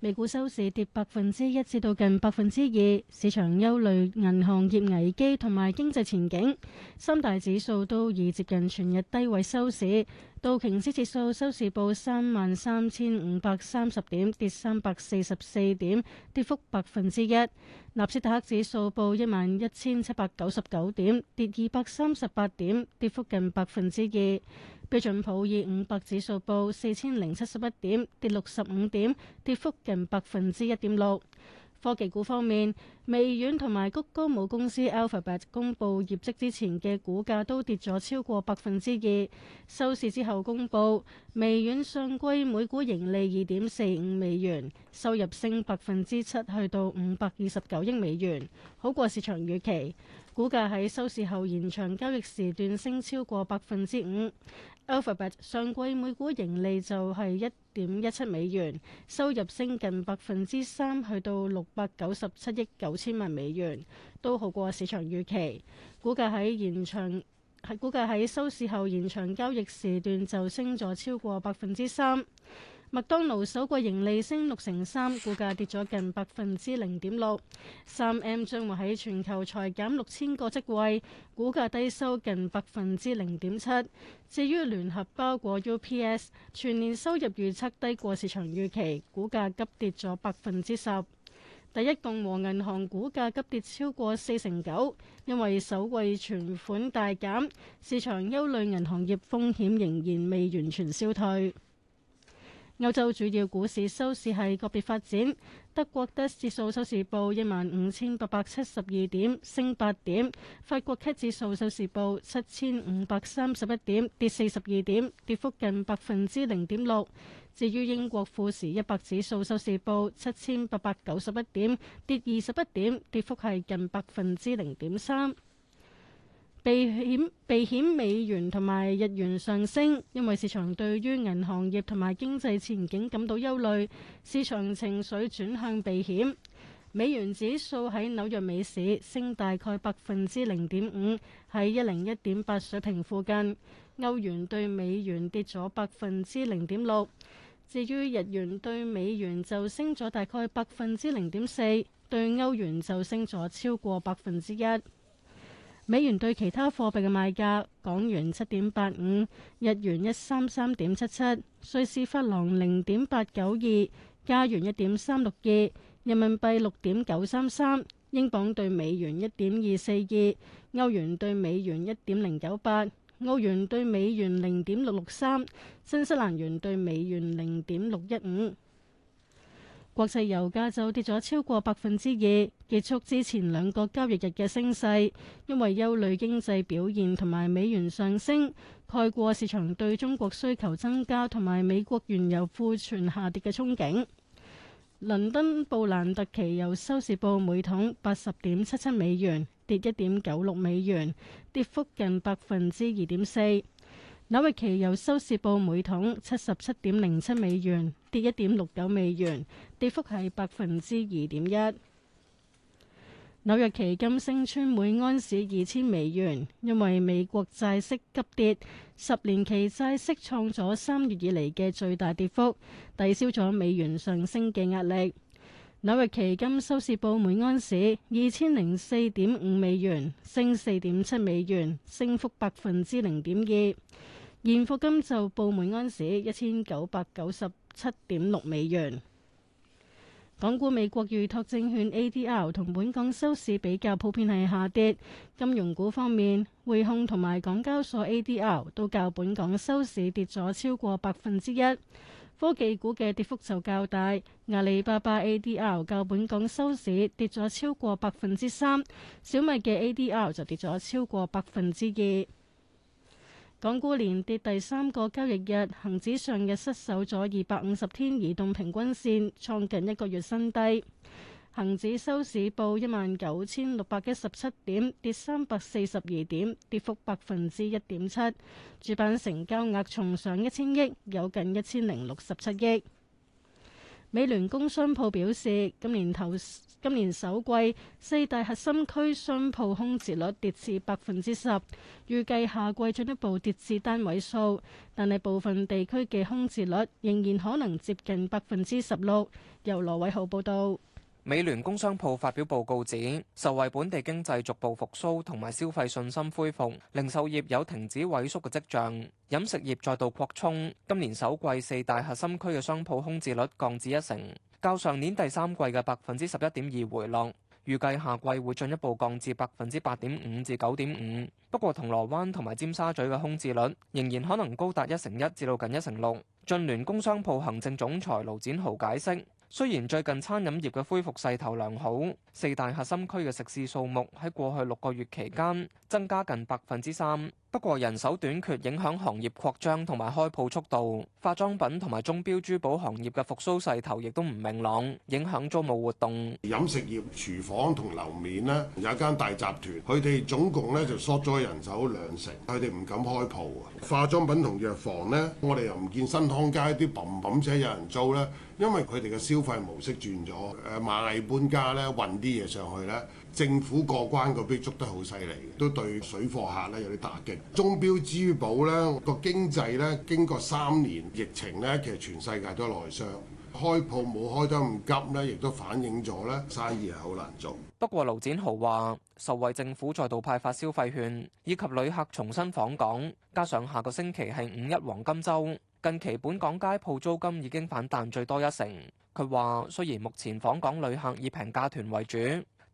美股收市跌百分之一至到近百分之二，市場憂慮銀行業危機同埋經濟前景。三大指數都已接近全日低位收市。道瓊斯指數收市報三萬三千五百三十點，跌三百四十四點，跌幅百分之一。納斯達克指數報一萬一千七百九十九點，跌二百三十八點，跌幅近百分之二。標準普爾五百指數報四千零七十一點，跌六十五點，跌幅近百分之一點六。科技股方面，微軟同埋谷歌母公司 Alphabet 公佈業績之前嘅股價都跌咗超過百分之二。收市之後公佈，微軟上季每股盈利二點四五美元，收入升百分之七，去到五百二十九億美元，好過市場預期。股價喺收市後延長交易時段升超過百分之五。Alphabet 上季每股盈利就係一點一七美元，收入升近百分之三，去到六百九十七億九千萬美元，都好過市場預期。股價喺延長，股價喺收市後延長交易時段就升咗超過百分之三。麥當勞首季盈利升六成三，股價跌咗近百分之零點六。三 M 將會喺全球裁減六千個職位，股價低收近百分之零點七。至於聯合包裹 UPS，全年收入預測低過市場預期，股價急跌咗百分之十。第一共和銀行股價急跌超過四成九，因為首季存款大減，市場憂慮銀行業風險仍然未完全消退。歐洲主要股市收市係個別發展，德國的指數收市報一萬五千八百七十二點，升八點；法國 K 指數收市報七千五百三十一點，跌四十二點，跌幅近百分之零點六。至於英國富時一百指數收市報七千八百九十一點，跌二十一點，跌幅係近百分之零點三。避險避險，避險美元同埋日元上升，因為市場對於銀行業同埋經濟前景感到憂慮，市場情緒轉向避險。美元指數喺紐約美市升大概百分之零點五，喺一零一點八水平附近。歐元對美元跌咗百分之零點六，至於日元對美元就升咗大概百分之零點四，對歐元就升咗超過百分之一。美元對其他貨幣嘅賣價：港元七點八五，日元一三三點七七，瑞士法郎零點八九二，加元一點三六二，人民幣六點九三三，英鎊對美元一點二四二，歐元對美元一點零九八，澳元對美元零點六六三，新西蘭元對美元零點六一五。國際油價就跌咗超過百分之二，結束之前兩個交易日嘅升勢，因為憂慮經濟表現同埋美元上升蓋過市場對中國需求增加同埋美國原油庫存下跌嘅憧憬。倫敦布蘭特期油收市報每桶八十點七七美元，跌一點九六美元，跌幅近百分之二點四。紐約期油收市報每桶七十七點零七美元，跌一點六九美元，跌幅係百分之二點一。紐約期金升穿每安士二千美元，因為美國債息急跌，十年期債息創咗三月以嚟嘅最大跌幅，抵消咗美元上升嘅壓力。紐約期金收市報每安士二千零四點五美元，升四點七美元，升幅百分之零點二。現貨金就報每安士一千九百九十七點六美元。港股美國預託證券 ADR 同本港收市比較普遍係下跌。金融股方面，匯控同埋港交所 ADR 都較本港收市跌咗超過百分之一。科技股嘅跌幅就較大，阿里巴巴 ADR 較本港收市跌咗超過百分之三，小米嘅 ADR 就跌咗超過百分之二。港股連跌第三個交易日，恒指上日失守咗二百五十天移動平均線，創近一個月新低。恒指收市報一萬九千六百一十七點，跌三百四十二點，跌幅百分之一點七。主板成交額重上一千億，有近一千零六十七億。美聯工商舖表示，今年頭。今年首季四大核心區商鋪空置率跌至百分之十，預計下季進一步跌至單位數，但係部分地區嘅空置率仍然可能接近百分之十六。由羅偉浩報道，美聯工商鋪發表報告指，受惠本地經濟逐步復蘇同埋消費信心恢復，零售業有停止萎縮嘅跡象，飲食業再度擴充。今年首季四大核心區嘅商鋪空置率降至一成。較上年第三季嘅百分之十一點二回落，預計下季會進一步降至百分之八點五至九點五。不過，銅鑼灣同埋尖沙咀嘅空置率仍然可能高達一成一至到近一成六。進聯工商鋪行政總裁盧展豪解釋，雖然最近餐飲業嘅恢復勢頭良好，四大核心區嘅食肆數目喺過去六個月期間增加近百分之三。不過人手短缺影響行業擴張同埋開鋪速度，化妝品同埋鐘錶珠寶行業嘅復甦勢頭亦都唔明朗，影響租務活動。飲食業廚房同樓面呢，有一間大集團，佢哋總共咧就縮咗人手兩成，佢哋唔敢開鋪啊。化妝品同藥房呢，我哋又唔見新康街啲冚冚車有人租呢，因為佢哋嘅消費模式轉咗，誒螞蟻搬家咧運啲嘢上去呢。政府過關嗰邊捉得好犀利，都對水貨客咧有啲打擊。鐘錶珠寶咧個經濟咧經過三年疫情咧，其實全世界都內傷，開鋪冇開得咁急咧，亦都反映咗咧生意係好難做。不過，盧展豪話受惠政府再度派發消費券，以及旅客重新訪港，加上下個星期係五一黃金週，近期本港街鋪租金已經反彈最多一成。佢話雖然目前訪港旅客以平價團為主，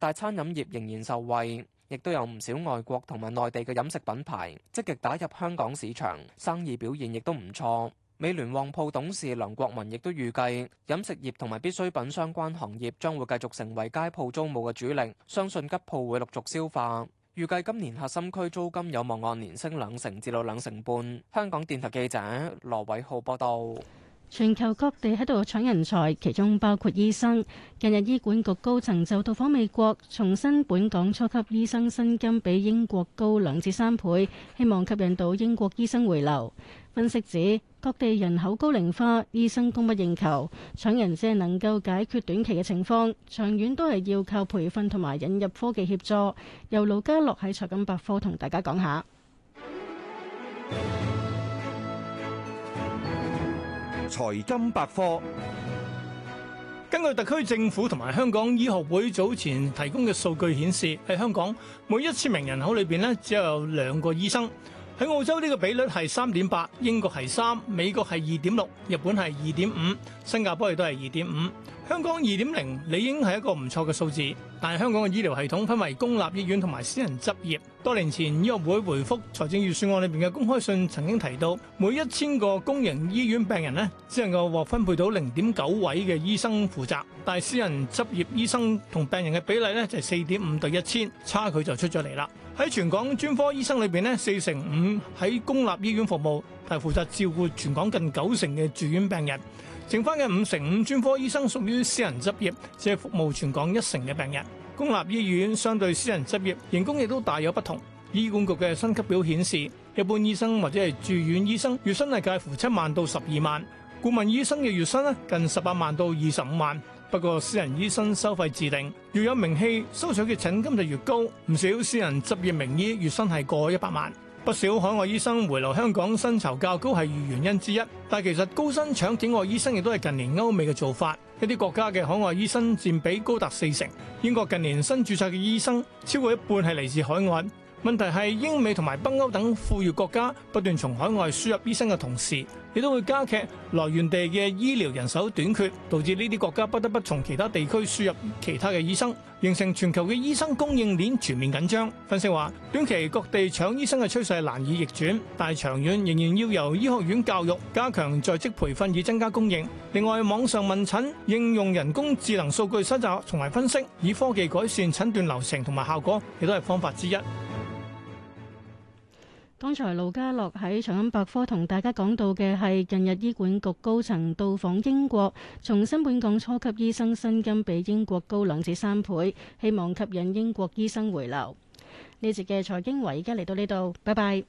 大餐飲業仍然受惠，亦都有唔少外國同埋內地嘅飲食品牌積極打入香港市場生意表現亦都唔錯，美聯旺鋪董事梁國民亦都預計飲食業同埋必需品相關行業將會繼續成為街鋪租務嘅主力，相信吉鋪會陸續消化。預計今年核心區租金有望按年升兩成至到兩成半。香港電台記者羅偉浩報道。全球各地喺度搶人才，其中包括醫生。近日醫管局高層就到訪美國，重申本港初級醫生薪金比英國高兩至三倍，希望吸引到英國醫生回流。分析指，各地人口高齡化，醫生供不應求，搶人只係能夠解決短期嘅情況，長遠都係要靠培訓同埋引入科技協助。由盧家樂喺財金百科同大家講下。 財金百科，根據特區政府同埋香港醫學會早前提供嘅數據顯示，喺香港每一千名人口裏邊呢，只有兩個醫生。喺澳洲呢個比率係三點八，英國係三，美國係二點六，日本係二點五，新加坡亦都係二點五。香港二點零理應係一個唔錯嘅數字，但係香港嘅醫療系統分為公立醫院同埋私人執業。多年前，醫學會回覆財政預算案裏面嘅公開信曾經提到，每一千個公營醫院病人咧，只能夠獲分配到零點九位嘅醫生負責，但係私人執業醫生同病人嘅比例咧就係四點五對一千，差距就出咗嚟啦。喺全港專科醫生裏邊咧，四成五喺公立醫院服務，係負責照顧全港近九成嘅住院病人。剩翻嘅五成五專科醫生屬於私人執業，只係服務全港一成嘅病人。公立醫院相對私人執業，人工亦都大有不同。醫管局嘅薪級表顯示，一般醫生或者係住院醫生月薪係介乎七萬到十二萬，顧問醫生嘅月薪咧近十八萬到二十五萬。不過私人醫生收費自定，越有名氣，收取嘅診金就越高。唔少私人執業名醫月薪係過一百萬。不少海外醫生回流香港，薪酬較高係原因之一。但其實高薪搶境外醫生亦都係近年歐美嘅做法。一啲國家嘅海外醫生佔比高達四成。英國近年新註冊嘅醫生超過一半係嚟自海外。問題係，英美同埋北歐等富裕國家不斷從海外輸入醫生嘅同時，亦都會加劇來源地嘅醫療人手短缺，導致呢啲國家不得不從其他地區輸入其他嘅醫生，形成全球嘅醫生供應鏈全面緊張。分析話，短期各地搶醫生嘅趨勢難以逆轉，但係長遠仍然要由醫學院教育加強在職培訓以增加供應。另外，網上問診應用人工智能數據收集同埋分析，以科技改善診斷流程同埋效果，亦都係方法之一。剛才盧家樂喺長安百科同大家講到嘅係，近日醫管局高層到訪英國，從新本港初級醫生薪金比英國高兩至三倍，希望吸引英國醫生回流。呢節嘅財經華爾街，而家嚟到呢度，拜拜。